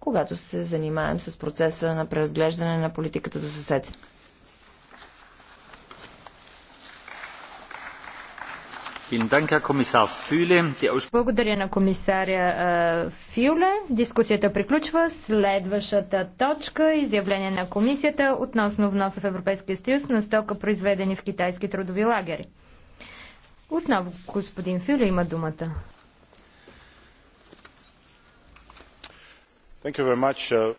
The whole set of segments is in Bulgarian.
когато се занимаем с процеса на преразглеждане на политиката за съседство. Благодаря на комисаря Фюле. Дискусията приключва. Следващата точка е изявление на комисията относно вноса в Европейския съюз на стока, произведени в китайски трудови лагери. Отново господин Фюле има думата. Uh,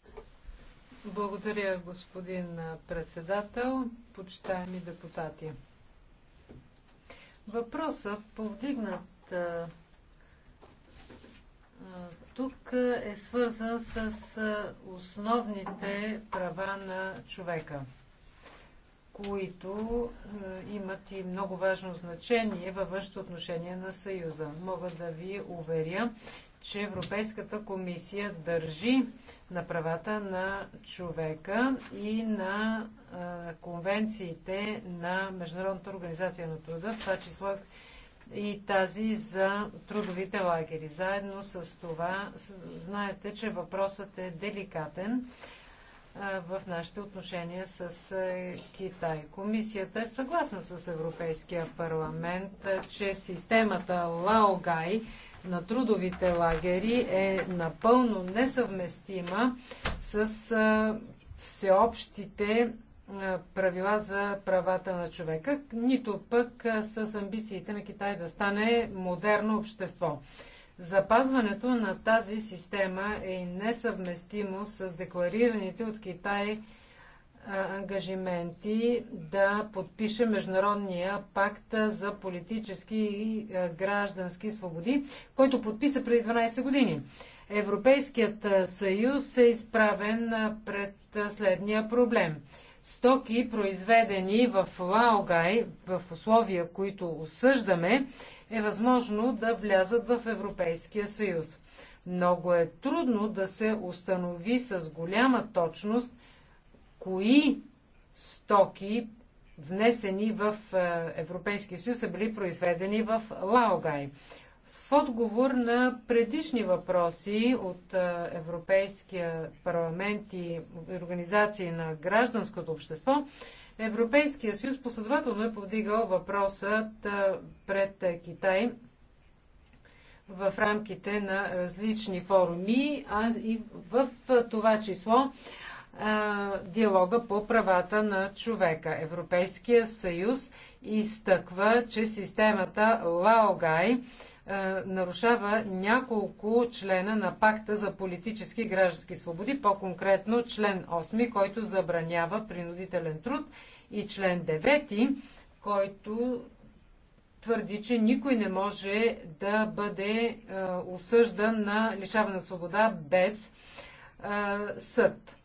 Благодаря, господин председател, почитаеми депутати. Въпросът, повдигнат тук, е свързан с основните права на човека, които имат и много важно значение във външното отношение на Съюза. Мога да ви уверя, че Европейската комисия държи на правата на човека и на а, конвенциите на Международната организация на труда, в това число и тази за трудовите лагери. Заедно с това знаете, че въпросът е деликатен а, в нашите отношения с а, Китай. Комисията е съгласна с Европейския парламент, а, че системата Лаогай на трудовите лагери е напълно несъвместима с всеобщите правила за правата на човека, нито пък с амбициите на Китай да стане модерно общество. Запазването на тази система е несъвместимо с декларираните от Китай ангажименти да подпише Международния пакт за политически и граждански свободи, който подписа преди 12 години. Европейският съюз е изправен пред следния проблем. Стоки, произведени в Лаогай, в условия, които осъждаме, е възможно да влязат в Европейския съюз. Много е трудно да се установи с голяма точност кои стоки, внесени в е, Европейския съюз, са били произведени в Лаогай. В отговор на предишни въпроси от е, Европейския парламент и организации на гражданското общество, Европейския съюз последователно е повдигал въпросът е, пред Китай в рамките на различни форуми, а и в това число диалога по правата на човека. Европейския съюз изтъква, че системата Лаогай нарушава няколко члена на пакта за политически и граждански свободи, по-конкретно член 8, който забранява принудителен труд и член 9, който твърди, че никой не може да бъде осъждан на лишаване на свобода без съд.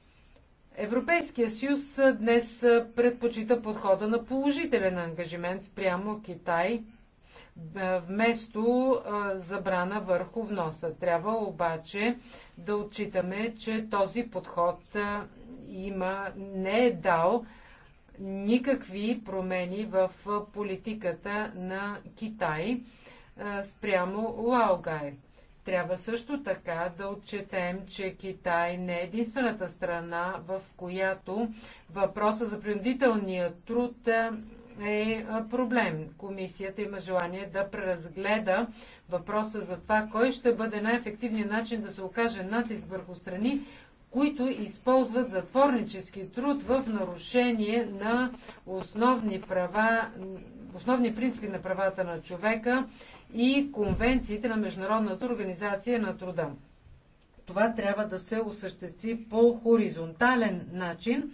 Европейския съюз днес предпочита подхода на положителен ангажимент спрямо Китай, вместо забрана върху вноса. Трябва обаче да отчитаме, че този подход има, не е дал никакви промени в политиката на Китай спрямо Лаогай. Трябва също така да отчетем, че Китай не е единствената страна, в която въпроса за принудителния труд е, е проблем. Комисията има желание да преразгледа въпроса за това, кой ще бъде най-ефективният начин да се окаже натиск върху страни, които използват затворнически труд в нарушение на основни права, основни принципи на правата на човека и конвенциите на Международната организация на труда. Това трябва да се осъществи по хоризонтален начин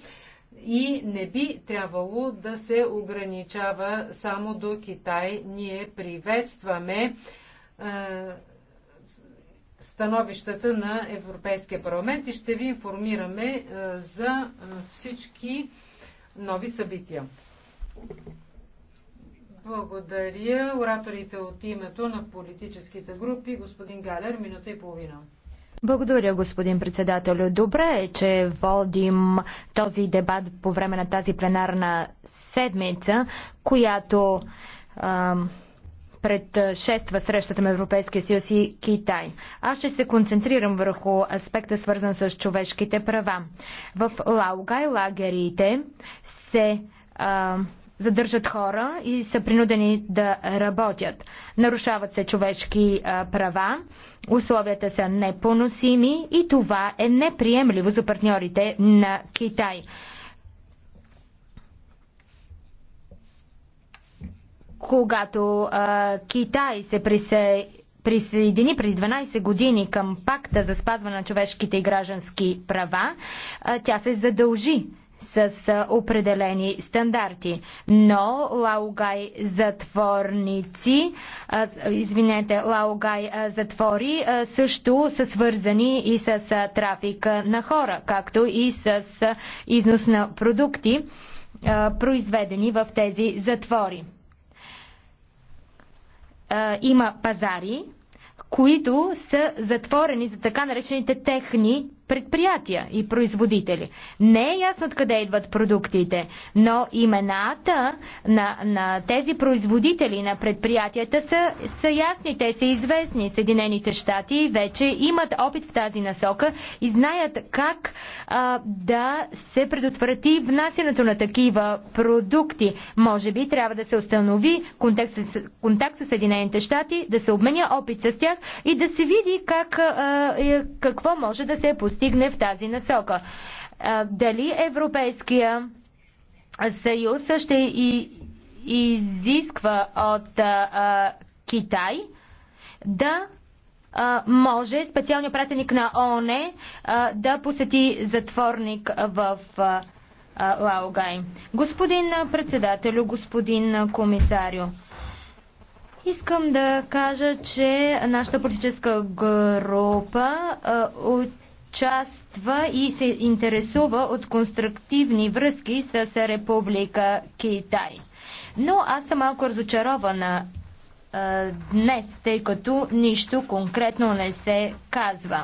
и не би трябвало да се ограничава само до Китай. Ние приветстваме е, становищата на Европейския парламент и ще ви информираме е, за е, всички нови събития. Благодаря. Ораторите от името на политическите групи. Господин Галер, минута и половина. Благодаря, господин председател. Добре е, че водим този дебат по време на тази пленарна седмица, която ам, предшества срещата на Европейския съюз и Китай. Аз ще се концентрирам върху аспекта, свързан с човешките права. В Лаугай лагерите се ам, задържат хора и са принудени да работят. Нарушават се човешки права, условията са непоносими и това е неприемливо за партньорите на Китай. Когато а, Китай се присъедини присъедини преди 12 години към пакта за спазване на човешките и граждански права, тя се задължи с определени стандарти. Но Лаугай затворници, извинете, Лаугай затвори също са свързани и с трафика на хора, както и с износ на продукти, произведени в тези затвори. Има пазари, които са затворени за така наречените техни предприятия и производители. Не е ясно откъде идват продуктите, но имената на, на тези производители на предприятията са, са ясни, те са известни. Съединените щати вече имат опит в тази насока и знаят как а, да се предотврати внасянето на такива продукти. Може би трябва да се установи контакт с, контакт с Съединените щати, да се обменя опит с тях и да се види как, а, е, какво може да се постигне постигне в тази насока. Дали Европейския съюз ще и изисква от Китай да може специалният пратеник на ООН да посети затворник в Лаогай. Господин председателю, господин комисарио, искам да кажа, че нашата политическа група участва и се интересува от конструктивни връзки с Република Китай. Но аз съм малко разочарована а, днес, тъй като нищо конкретно не се казва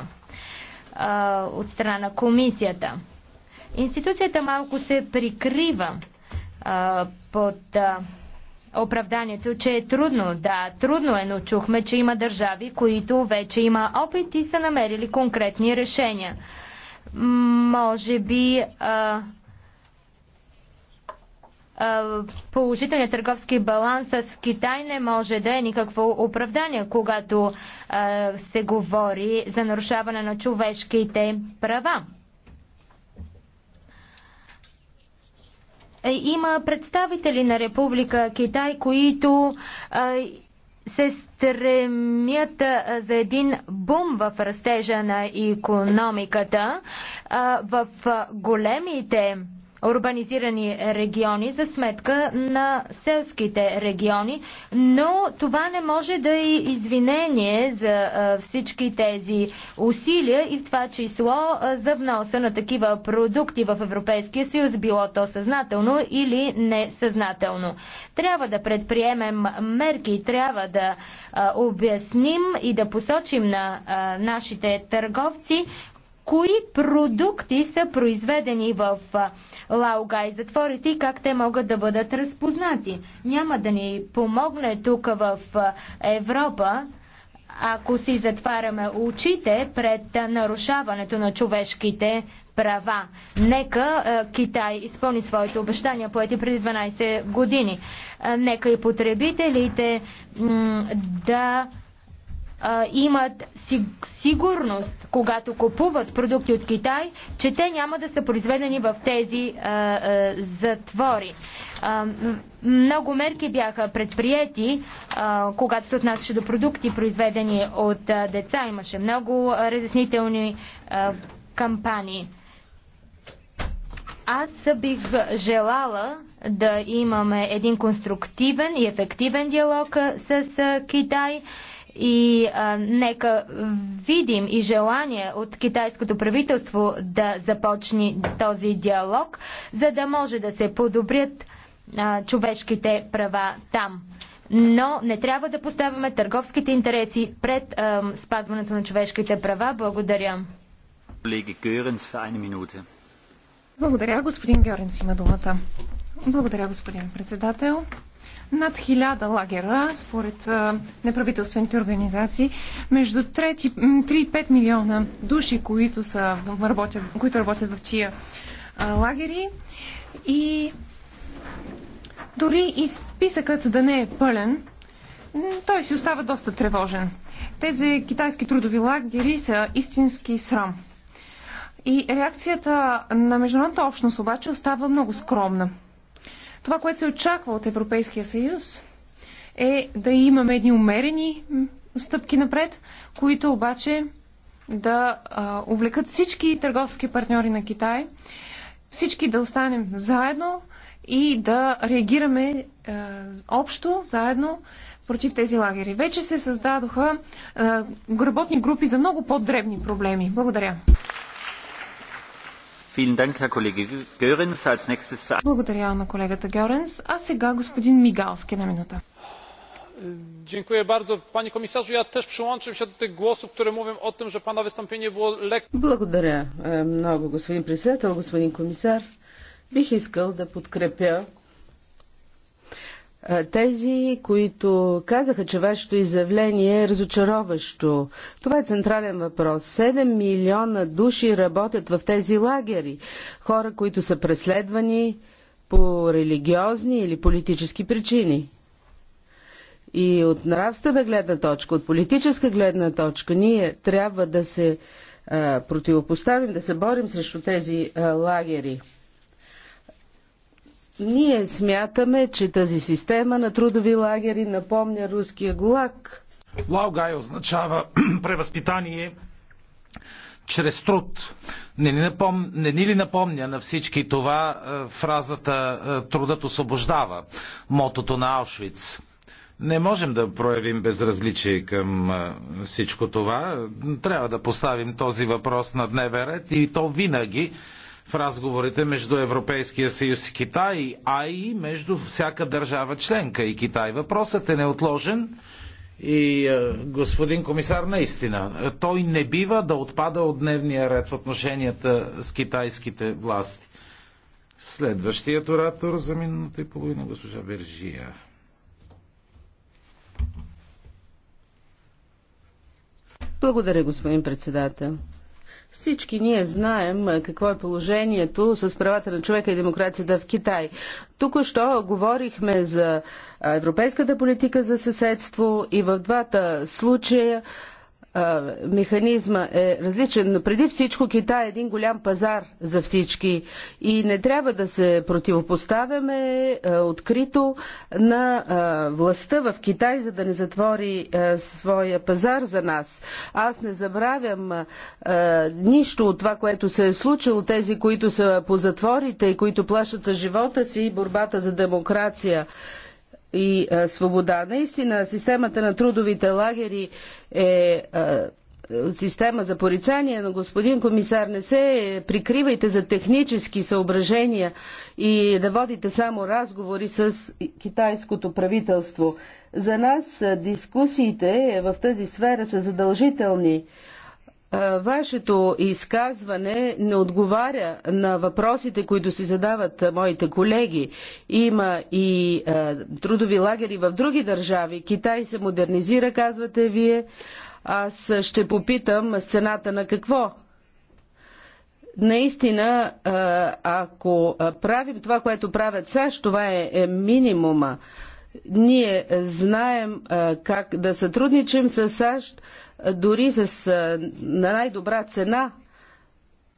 а, от страна на комисията. Институцията малко се прикрива а, под. А, оправданието, че е трудно. Да, трудно е, но чухме, че има държави, които вече има опит и са намерили конкретни решения. Може би а, а, положителният търговски баланс с Китай не може да е никакво оправдание, когато а, се говори за нарушаване на човешките права. Е, има представители на Република Китай, които се стремят за един бум в растежа на економиката. В големите урбанизирани региони за сметка на селските региони, но това не може да е извинение за всички тези усилия и в това число за вноса на такива продукти в Европейския съюз, било то съзнателно или несъзнателно. Трябва да предприемем мерки, трябва да обясним и да посочим на нашите търговци кои продукти са произведени в Лаугай затворите и как те могат да бъдат разпознати. Няма да ни помогне тук в Европа, ако си затваряме очите пред нарушаването на човешките права. Нека Китай изпълни своите обещания, поети преди 12 години. Нека и потребителите да а, имат сигурност, когато купуват продукти от Китай, че те няма да са произведени в тези а, а, затвори. А, много мерки бяха предприяти, а, когато се отнасяше до продукти, произведени от а, деца. Имаше много разяснителни а, кампании. Аз бих желала да имаме един конструктивен и ефективен диалог с Китай. И а, нека видим и желание от китайското правителство да започне този диалог, за да може да се подобрят а, човешките права там. Но не трябва да поставяме търговските интереси пред а, спазването на човешките права. Благодаря. Благодаря, господин Георенс има думата. Благодаря, господин председател над хиляда лагера, според неправителствените организации, между 3 и 5 милиона души, които, са, работят, които работят в тия лагери. И дори и списъкът да не е пълен, той си остава доста тревожен. Тези китайски трудови лагери са истински срам. И реакцията на международната общност обаче остава много скромна. Това, което се очаква от Европейския съюз, е да имаме едни умерени стъпки напред, които обаче да а, увлекат всички търговски партньори на Китай, всички да останем заедно и да реагираме а, е, общо, заедно против тези лагери. Вече се създадоха а, е, работни групи за много по-дребни проблеми. Благодаря. Благодаря на колегата Гьоренс. А сега господин Мигалски на минута. Благодаря много, господин председател, господин комисар. Бих искал да подкрепя тези, които казаха, че вашето изявление е разочароващо. Това е централен въпрос. 7 милиона души работят в тези лагери. Хора, които са преследвани по религиозни или политически причини. И от нравствена гледна точка, от политическа гледна точка, ние трябва да се а, противопоставим, да се борим срещу тези а, лагери. Ние смятаме, че тази система на трудови лагери напомня руския голак. Лаугай означава превъзпитание чрез труд. Не ни, напом... не ни ли напомня на всички това е, фразата е, Трудът освобождава, мотото на Аушвиц? Не можем да проявим безразличие към е, всичко това. Трябва да поставим този въпрос на дневен ред и то винаги в разговорите между Европейския съюз и Китай, а и между всяка държава членка и Китай. Въпросът е неотложен и е, господин комисар, наистина, той не бива да отпада от дневния ред в отношенията с китайските власти. Следващият оратор за минута и половина, госпожа Бержия. Благодаря, господин председател. Всички ние знаем какво е положението с правата на човека и демокрацията в Китай. тук що говорихме за европейската политика за съседство и в двата случая механизма е различен, но преди всичко Китай е един голям пазар за всички и не трябва да се противопоставяме открито на властта в Китай, за да не затвори своя пазар за нас. Аз не забравям нищо от това, което се е случило. Тези, които са по затворите и които плащат за живота си борбата за демокрация и а, свобода. Наистина, системата на трудовите лагери е а, система за порицание, но господин комисар, не се прикривайте за технически съображения и да водите само разговори с китайското правителство. За нас дискусиите в тази сфера са задължителни е, вашето изказване не отговаря на въпросите, които си задават е, моите колеги. Има и е, трудови лагери в други държави. Китай се модернизира, казвате вие. Аз ще попитам цената на какво наистина, ако правим това, което правят САЩ, това е минимума. Ние знаем как да сътрудничим с САЩ, дори с, на най-добра цена,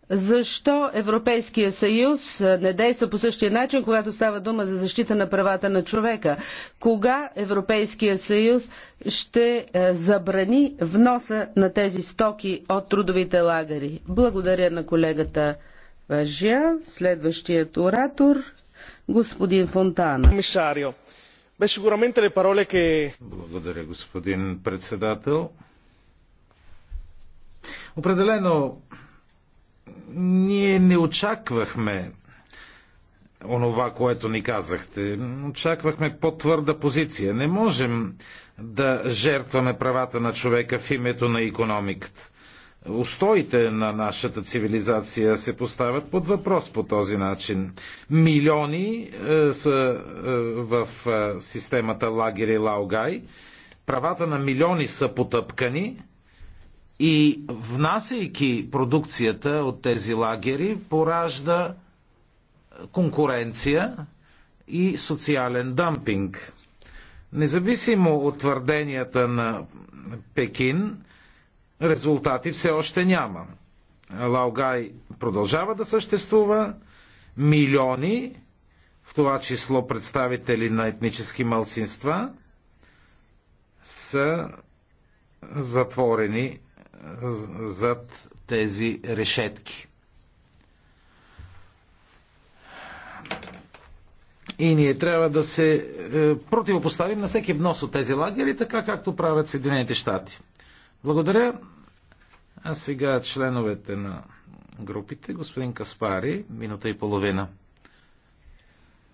защо Европейския съюз не действа по същия начин, когато става дума за защита на правата на човека? Кога Европейския съюз ще забрани вноса на тези стоки от трудовите лагери? Благодаря на колегата Важия. Следващият оратор господин Фонтана. Благодаря, господин председател. Определено, ние не очаквахме онова, което ни казахте. Очаквахме по-твърда позиция. Не можем да жертваме правата на човека в името на економиката. Устоите на нашата цивилизация се поставят под въпрос по този начин. Милиони е, са е, в е, системата лагери Лаугай. Правата на милиони са потъпкани и внасяйки продукцията от тези лагери, поражда конкуренция и социален дампинг. Независимо от твърденията на Пекин, резултати все още няма. Лаогай продължава да съществува, милиони, в това число представители на етнически малцинства, са затворени зад тези решетки. И ние трябва да се е, противопоставим на всеки внос от тези лагери, така както правят Съединените щати. Благодаря. А сега членовете на групите. Господин Каспари, минута и половина.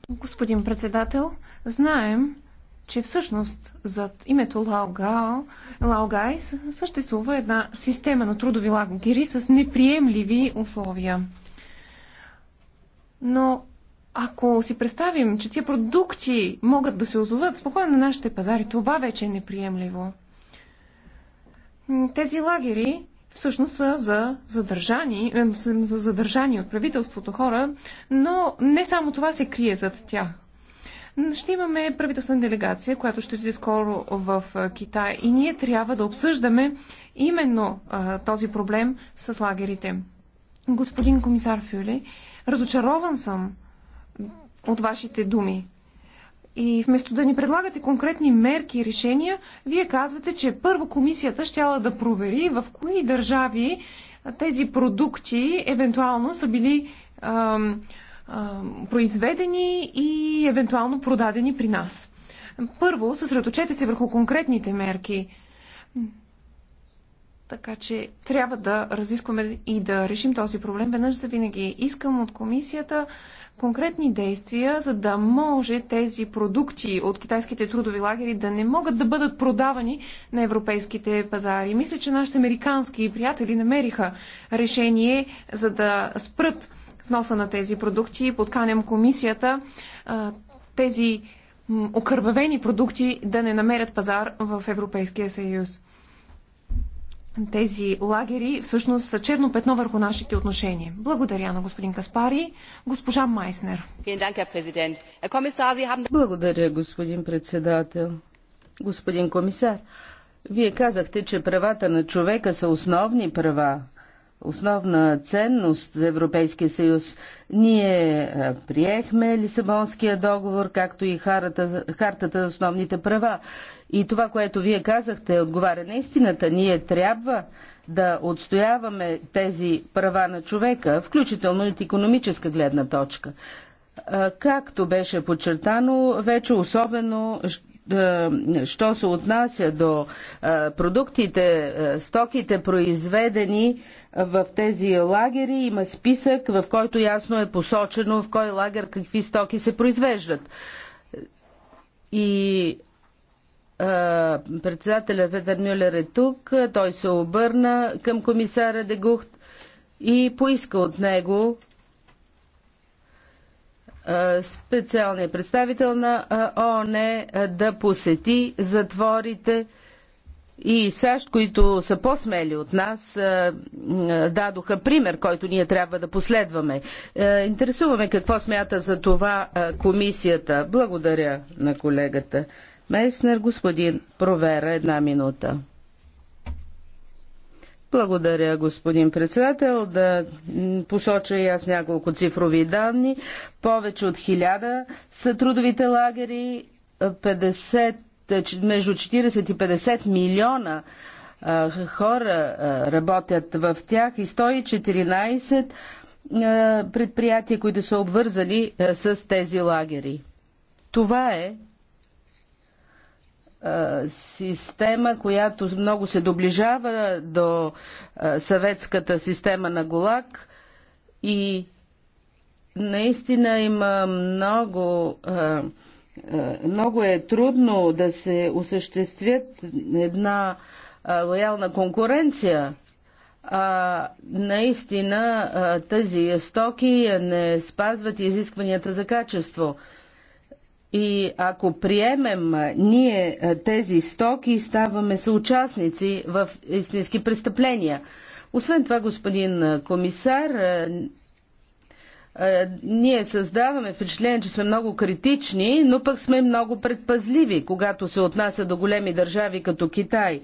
Господин председател, знаем, че всъщност зад името Лаогао, Лаогай съществува една система на трудови лагери с неприемливи условия. Но ако си представим, че тия продукти могат да се озоват спокойно на нашите пазари, това вече е неприемливо. Тези лагери всъщност са за задържани, за задържани от правителството хора, но не само това се крие зад тях. Ще имаме правителствена делегация, която ще отиде скоро в Китай и ние трябва да обсъждаме именно а, този проблем с лагерите. Господин комисар Фюли, разочарован съм от вашите думи. И вместо да ни предлагате конкретни мерки и решения, вие казвате, че първо комисията ще да провери в кои държави тези продукти евентуално са били ам, произведени и евентуално продадени при нас. Първо, съсредоточете се върху конкретните мерки. Така че трябва да разискваме и да решим този проблем веднъж за винаги. Искам от комисията конкретни действия, за да може тези продукти от китайските трудови лагери да не могат да бъдат продавани на европейските пазари. Мисля, че нашите американски приятели намериха решение, за да спрат вноса на тези продукти. Подканям комисията тези окървавени продукти да не намерят пазар в Европейския съюз. Тези лагери всъщност са черно петно върху нашите отношения. Благодаря на господин Каспари, госпожа Майснер. Благодаря, господин председател. Господин комисар, вие казахте, че правата на човека са основни права основна ценност за Европейския съюз. Ние приехме Лисабонския договор, както и харата, хартата за основните права. И това, което вие казахте, отговаря на истината. Ние трябва да отстояваме тези права на човека, включително и от економическа гледна точка. Както беше подчертано, вече особено е, що се отнася до е, продуктите, е, стоките, произведени в тези лагери, има списък, в който ясно е посочено в кой лагер какви стоки се произвеждат. И председателя Петър Мюлер е тук, той се обърна към комисара Дегухт и поиска от него е, специалният представител на е, ООН е, да посети затворите и САЩ, които са по-смели от нас, дадоха пример, който ние трябва да последваме. Интересуваме какво смята за това комисията. Благодаря на колегата. Меснер, господин Провера, една минута. Благодаря, господин председател. Да посоча и аз няколко цифрови данни. Повече от хиляда са трудовите лагери, 50, между 40 и 50 милиона хора работят в тях и 114 предприятия, които са обвързани с тези лагери. Това е система, която много се доближава до съветската система на ГУЛАГ и наистина има много много е трудно да се осъществят една лоялна конкуренция. А, наистина тези стоки не спазват изискванията за качество. И ако приемем ние тези стоки, ставаме съучастници в истински престъпления. Освен това, господин комисар, ние създаваме впечатление, че сме много критични, но пък сме много предпазливи, когато се отнася до големи държави като Китай.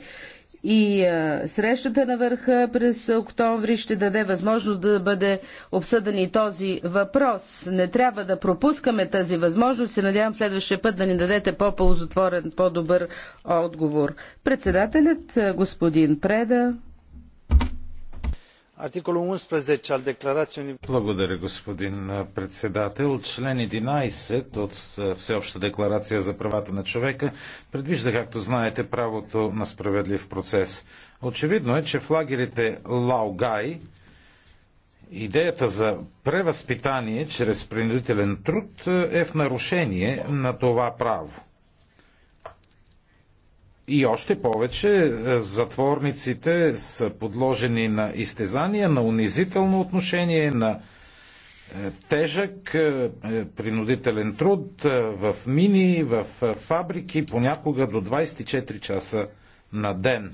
И срещата на върха през октомври ще даде възможност да бъде обсъден и този въпрос. Не трябва да пропускаме тази възможност и надявам следващия път да ни дадете по-ползотворен, по-добър отговор. Председателят господин Преда 11 Благодаря, господин председател. Член 11 от Всеобща декларация за правата на човека предвижда, както знаете, правото на справедлив процес. Очевидно е, че в лагерите Лаугай идеята за превъзпитание чрез принудителен труд е в нарушение на това право. И още повече, е, затворниците са подложени на изтезания, на унизително отношение, на е, тежък е, принудителен труд в мини, в фабрики, понякога до 24 часа на ден.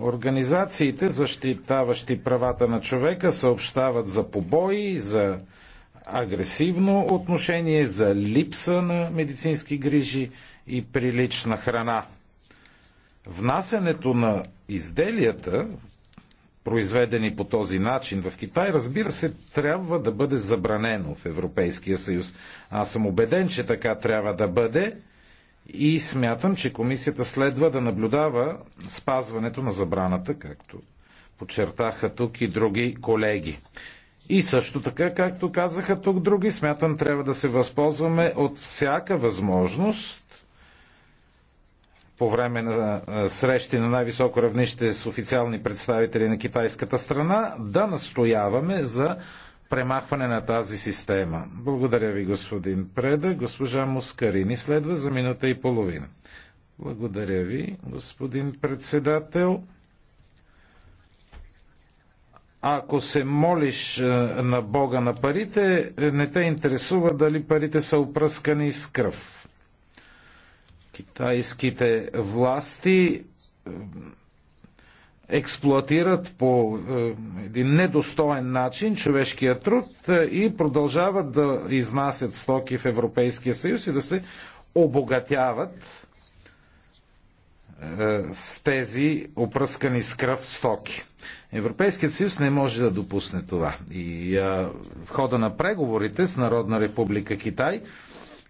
Организациите, защитаващи правата на човека, съобщават за побои, за агресивно отношение, за липса на медицински грижи и прилична храна. Внасенето на изделията, произведени по този начин в Китай, разбира се, трябва да бъде забранено в Европейския съюз. Аз съм убеден, че така трябва да бъде и смятам, че комисията следва да наблюдава спазването на забраната, както подчертаха тук и други колеги. И също така, както казаха тук други, смятам, трябва да се възползваме от всяка възможност по време на срещи на най-високо равнище с официални представители на китайската страна, да настояваме за премахване на тази система. Благодаря ви, господин Преда. Госпожа Москарини следва за минута и половина. Благодаря ви, господин председател. Ако се молиш на Бога на парите, не те интересува дали парите са опръскани с кръв. Китайските власти експлуатират по е, един недостоен начин човешкия труд е, и продължават да изнасят стоки в Европейския съюз и да се обогатяват е, с тези опръскани с кръв стоки. Европейският съюз не може да допусне това. И в хода на преговорите с Народна република Китай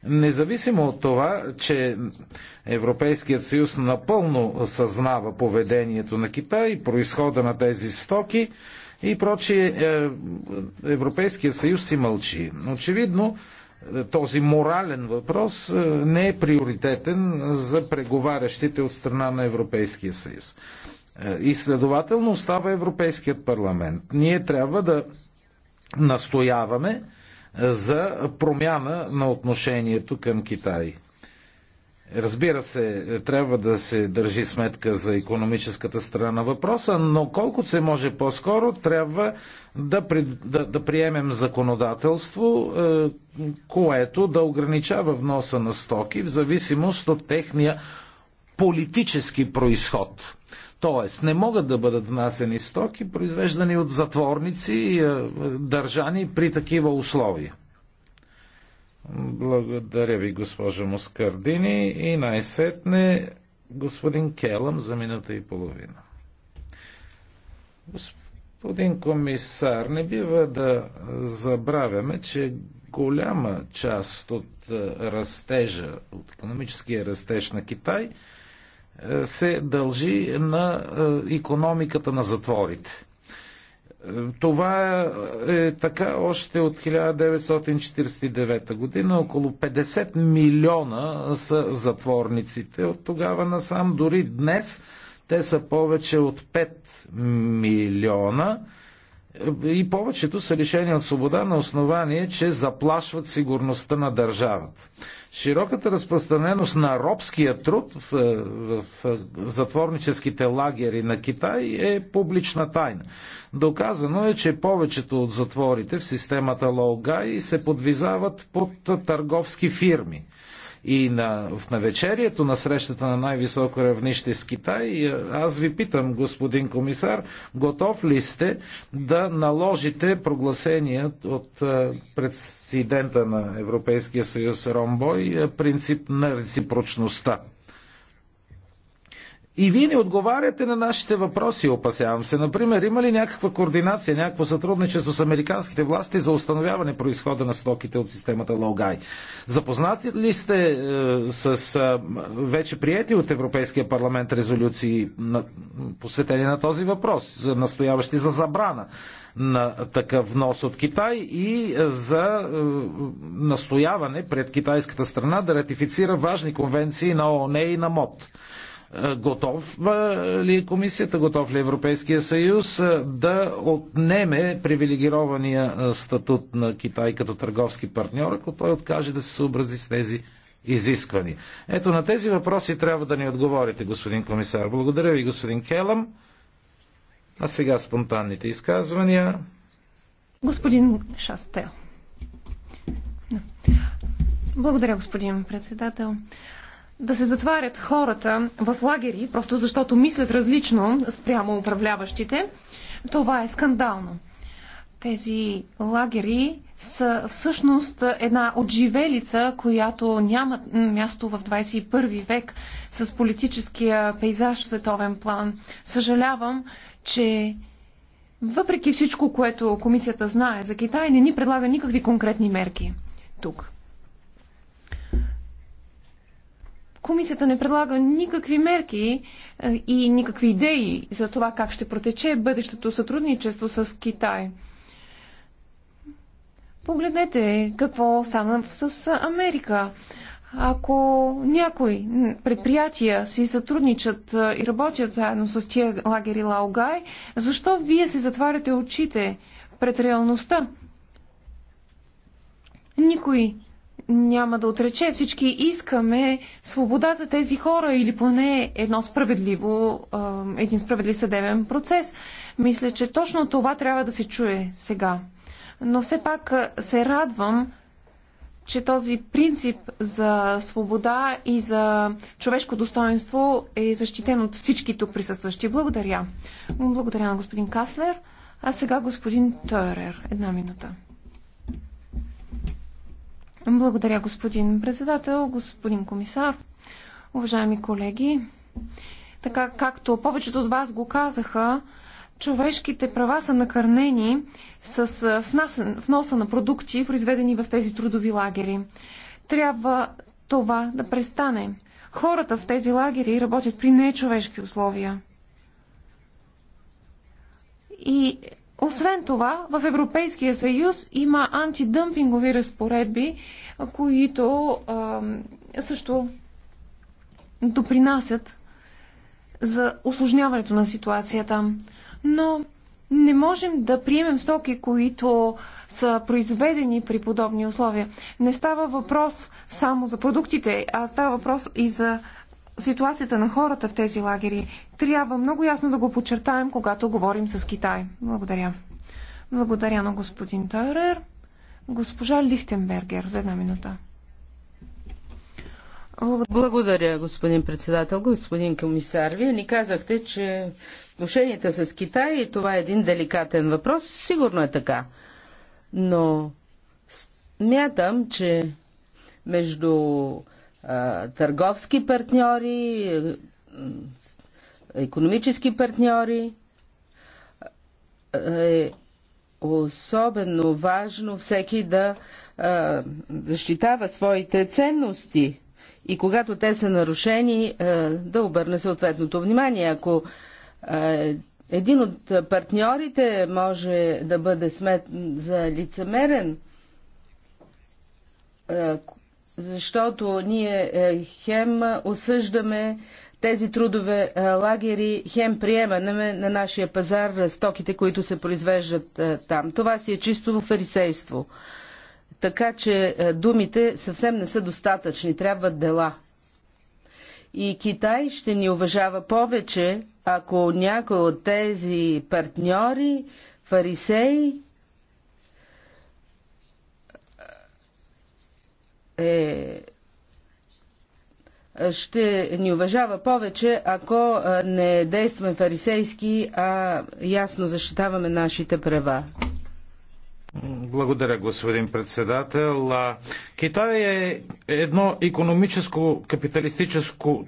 Независимо от това, че Европейският съюз напълно съзнава поведението на Китай, происхода на тези стоки и прочие, е, Европейският съюз си мълчи. Очевидно, е, този морален въпрос е, не е приоритетен за преговарящите от страна на Европейския съюз. И следователно остава Европейският парламент. Ние трябва да настояваме за промяна на отношението към Китай. Разбира се, трябва да се държи сметка за економическата страна на въпроса, но колкото се може по-скоро трябва да, при, да, да приемем законодателство, е, което да ограничава вноса на стоки в зависимост от техния политически происход. Тоест, не могат да бъдат внасени стоки, произвеждани от затворници, е, държани при такива условия. Благодаря ви, госпожа Москардини. И най-сетне господин Келъм за минута и половина. Господин комисар, не бива да забравяме, че голяма част от е, растежа, от економическия растеж на Китай – се дължи на економиката на затворите. Това е така още от 1949 година. Около 50 милиона са затворниците. От тогава насам дори днес те са повече от 5 милиона и повечето са лишени от свобода на основание, че заплашват сигурността на държавата. Широката разпространеност на робския труд в, е, в, е, в затворническите лагери на Китай е публична тайна. Доказано е, че повечето от затворите в системата Лаогай се подвизават под търговски фирми и на, в навечерието на срещата на най-високо равнище с Китай, аз ви питам, господин комисар, готов ли сте да наложите прогласения от президента на Европейския съюз Ромбой принцип на реципрочността? И вие не отговаряте на нашите въпроси, опасявам се. Например, има ли някаква координация, някакво сътрудничество с американските власти за установяване происхода на стоките от системата Логай? Запознати ли сте е, с е, вече прияти от Европейския парламент резолюции, на, посветени на този въпрос, за настояващи за забрана на такъв внос от Китай и е, за е, настояване пред китайската страна да ратифицира важни конвенции на ООН и на МОД. Е, готов е, ли е комисията, готов ли е Европейския съюз е, да отнеме привилегирования статут на Китай като търговски партньор, ако той откаже да се съобрази с тези изисквания? Ето на тези въпроси трябва да ни отговорите, господин комисар. Благодаря ви, господин Келъм. А сега спонтанните изказвания. Господин Шастел. Благодаря, господин председател да се затварят хората в лагери, просто защото мислят различно спрямо управляващите, това е скандално. Тези лагери са всъщност една отживелица, която няма място в 21 век с политическия пейзаж в световен план. Съжалявам, че въпреки всичко, което комисията знае за Китай, не ни предлага никакви конкретни мерки тук. комисията не предлага никакви мерки е, и никакви идеи за това как ще протече бъдещето сътрудничество с Китай. Погледнете какво стана с Америка. Ако някои предприятия си сътрудничат е, и работят заедно с тия лагери Лаогай, защо вие си затваряте очите пред реалността? Никой няма да отрече. Всички искаме свобода за тези хора или поне едно справедливо, един справедлив съдебен процес. Мисля, че точно това трябва да се чуе сега. Но все пак се радвам, че този принцип за свобода и за човешко достоинство е защитен от всички тук присъстващи. Благодаря. Благодаря на господин Каслер. А сега господин Тойерер. Една минута. Благодаря, господин председател, господин комисар, уважаеми колеги. Така както повечето от вас го казаха, човешките права са накърнени с вноса на продукти, произведени в тези трудови лагери. Трябва това да престане. Хората в тези лагери работят при нечовешки условия. И освен това, в Европейския съюз има антидъмпингови разпоредби, които а, също допринасят за осложняването на ситуацията. Но не можем да приемем стоки, които са произведени при подобни условия. Не става въпрос само за продуктите, а става въпрос и за ситуацията на хората в тези лагери. Трябва много ясно да го подчертаем, когато говорим с Китай. Благодаря. Благодаря на господин Тойрер. Госпожа Лихтенбергер за една минута. Благодаря, господин председател, господин комисар. Вие ни казахте, че отношенията с Китай и това е един деликатен въпрос. Сигурно е така. Но мятам, че между търговски партньори, е, економически партньори. Е, е особено важно всеки да защитава своите ценности и когато те са нарушени, да обърне съответното внимание. Ако един от партньорите може да бъде смет за лицемерен, защото ние е, хем осъждаме тези трудове е, лагери, хем приемаме на нашия пазар е, стоките, които се произвеждат там. Това си е чисто фарисейство. Така че думите съвсем не са достатъчни, трябват дела. И Китай ще ни уважава повече, ако някой от тези партньори, фарисеи, е ще ни уважава повече, ако не действаме фарисейски, а ясно защитаваме нашите права. Благодаря, господин председател. Китай е едно економическо, капиталистическо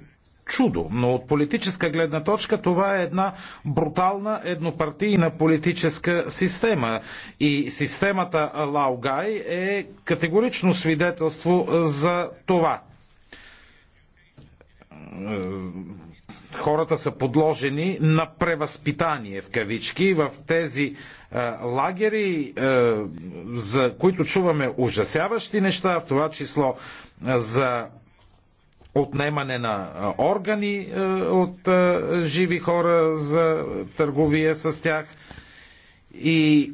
чудо, но от политическа гледна точка това е една брутална еднопартийна политическа система. И системата Лаугай е категорично свидетелство за това. Хората са подложени на превъзпитание в кавички в тези е, лагери, е, за които чуваме ужасяващи неща, в това число е, за отнемане на органи от живи хора за търговия с тях и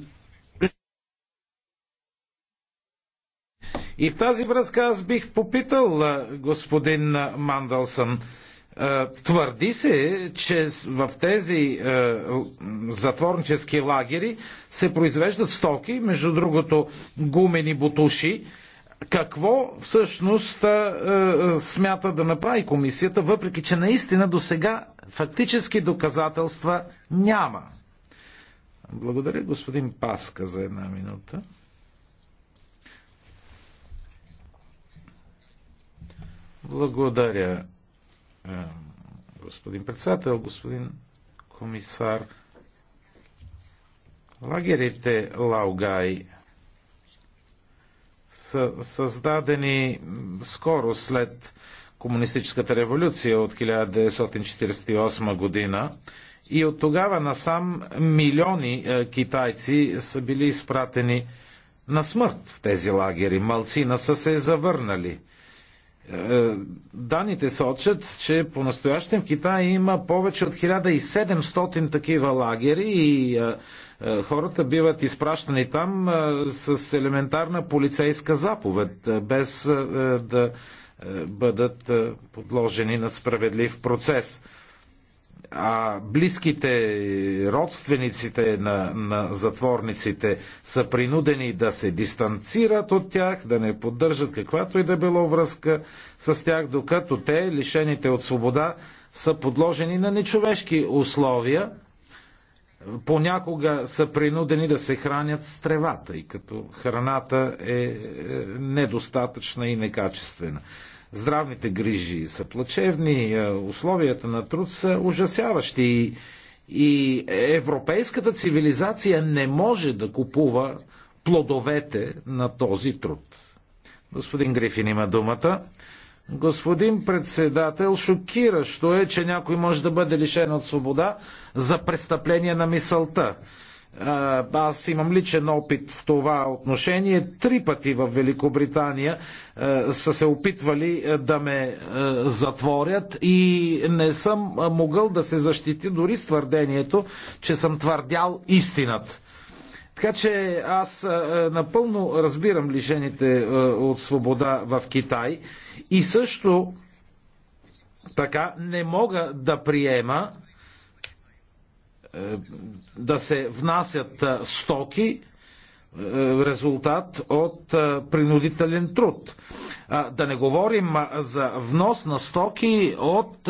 И в тази връзка аз бих попитал господин Мандалсън. Твърди се, че в тези затворнически лагери се произвеждат стоки, между другото гумени бутуши, какво всъщност смята да направи комисията, въпреки че наистина до сега фактически доказателства няма. Благодаря господин Паска за една минута. Благодаря, господин председател, господин комисар. Лагерите Лаугай са създадени скоро след комунистическата революция от 1948 година. И от тогава насам милиони е, китайци са били изпратени на смърт в тези лагери. Малцина са се завърнали – е, Даните сочат, че по-настоящем в Китай има повече от 1700 такива лагери и е, е, хората биват изпращани там с елементарна полицейска заповед, без да бъдат подложени на справедлив процес а близките родствениците на, на затворниците са принудени да се дистанцират от тях, да не поддържат каквато и да било връзка с тях, докато те, лишените от свобода, са подложени на нечовешки условия, понякога са принудени да се хранят с тревата, и като храната е, е недостатъчна и некачествена. Здравните грижи са плачевни, условията на труд са ужасяващи и европейската цивилизация не може да купува плодовете на този труд. Господин Грифин има думата. Господин председател, шокиращо е, че някой може да бъде лишен от свобода за престъпление на мисълта. Аз имам личен опит в това отношение. Три пъти в Великобритания са се опитвали да ме затворят и не съм могъл да се защити дори с твърдението, че съм твърдял истината. Така че аз напълно разбирам лишените от свобода в Китай и също така не мога да приема да се внасят стоки, резултат от принудителен труд. Да не говорим за внос на стоки от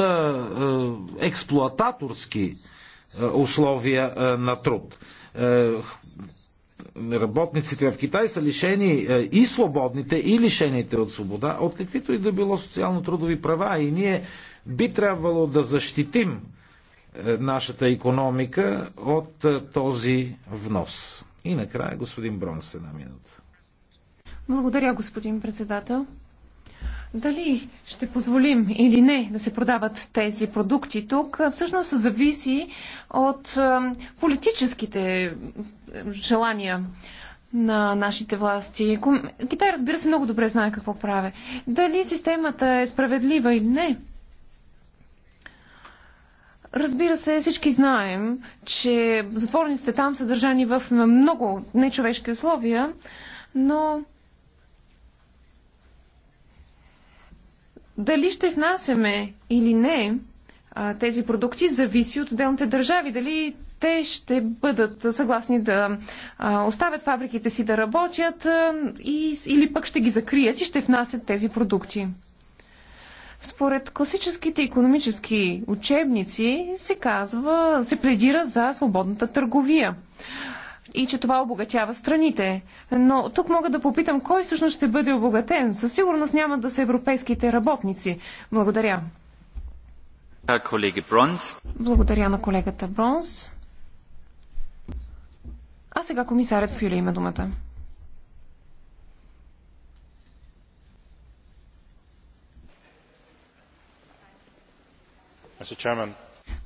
експлоататорски условия на труд. Работниците в Китай са лишени и свободните, и лишените от свобода, от каквито и да било социално-трудови права. И ние би трябвало да защитим е, нашата економика от е, този внос. И накрая господин Бронс една минута. Благодаря, господин председател. Дали ще позволим или не да се продават тези продукти тук, всъщност зависи от е, политическите желания на нашите власти. Китай, разбира се, много добре знае какво прави. Дали системата е справедлива или не, Разбира се, всички знаем, че затворниците там са държани в много нечовешки условия, но дали ще внасяме или не тези продукти, зависи от отделните държави. Дали те ще бъдат съгласни да оставят фабриките си да работят и, или пък ще ги закрият и ще внасят тези продукти. Според класическите економически учебници се казва, се пледира за свободната търговия и че това обогатява страните. Но тук мога да попитам, кой всъщност ще бъде обогатен? Със сигурност няма да са европейските работници. Благодаря. Колеги Благодаря на колегата Бронс. А сега комисарят Фюли има думата.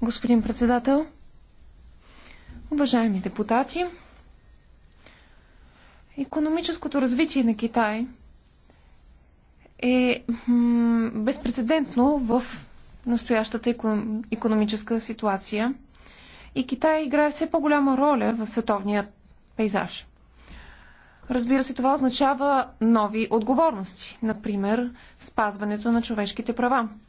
Господин председател, уважаеми депутати, економическото развитие на Китай е безпредседентно в настоящата економическа ситуация и Китай играе все по-голяма роля в световния пейзаж. Разбира се, това означава нови отговорности, например спазването на човешките права –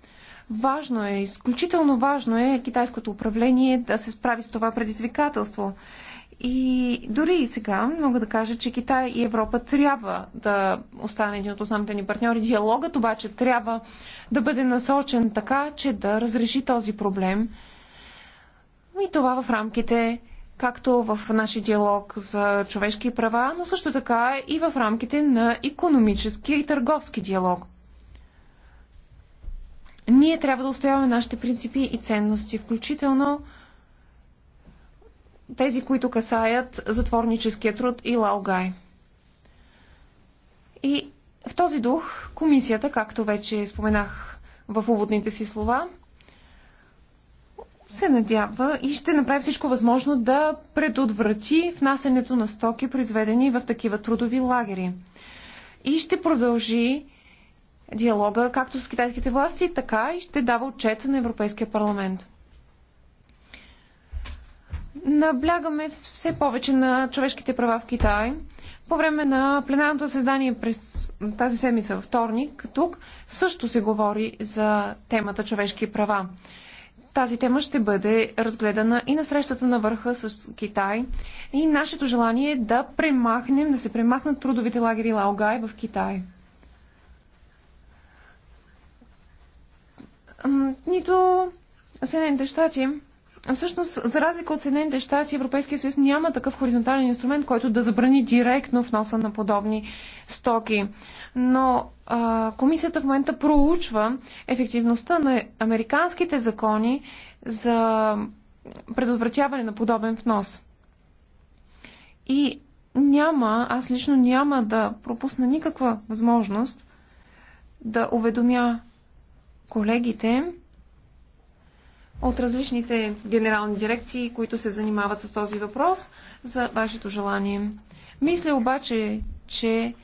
Важно е, изключително важно е китайското управление да се справи с това предизвикателство. И дори и сега мога да кажа, че Китай и Европа трябва да остане един от основните ни партньори. Диалогът обаче трябва да бъде насочен така, че да разреши този проблем. И това в рамките, както в нашия диалог за човешки права, но също така и в рамките на економически и търговски диалог. Ние трябва да устояваме нашите принципи и ценности, включително тези, които касаят затворническия труд и лаугай. И в този дух комисията, както вече споменах в уводните си слова, се надява и ще направи всичко възможно да предотврати внасянето на стоки, произведени в такива трудови лагери. И ще продължи диалога както с китайските власти, така и ще дава отчет на Европейския парламент. Наблягаме все повече на човешките права в Китай. По време на пленарното създание през тази седмица, във вторник, тук също се говори за темата човешки права. Тази тема ще бъде разгледана и на срещата на върха с Китай. И нашето желание е да премахнем, да се премахнат трудовите лагери Лаогай в Китай. нито Съединените щати. Всъщност, за разлика от Съединените щати, Европейския съюз няма такъв хоризонтален инструмент, който да забрани директно вноса на подобни стоки. Но а, комисията в момента проучва ефективността на американските закони за предотвратяване на подобен внос. И няма, аз лично няма да пропусна никаква възможност да уведомя колегите от различните генерални дирекции, които се занимават с този въпрос, за вашето желание. Мисля обаче, че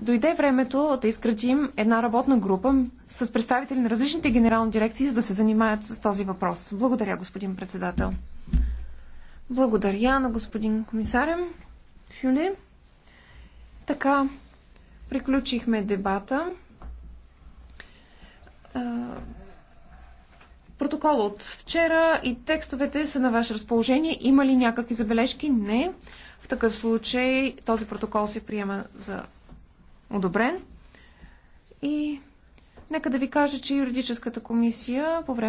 дойде времето да изградим една работна група с представители на различните генерални дирекции, за да се занимаят с този въпрос. Благодаря, господин председател. Благодаря на господин комисарем Фюли. Така, приключихме дебата. Протокол от вчера и текстовете са на ваше разположение. Има ли някакви забележки? Не. В такъв случай този протокол се приема за одобрен. И нека да ви кажа, че юридическата комисия по време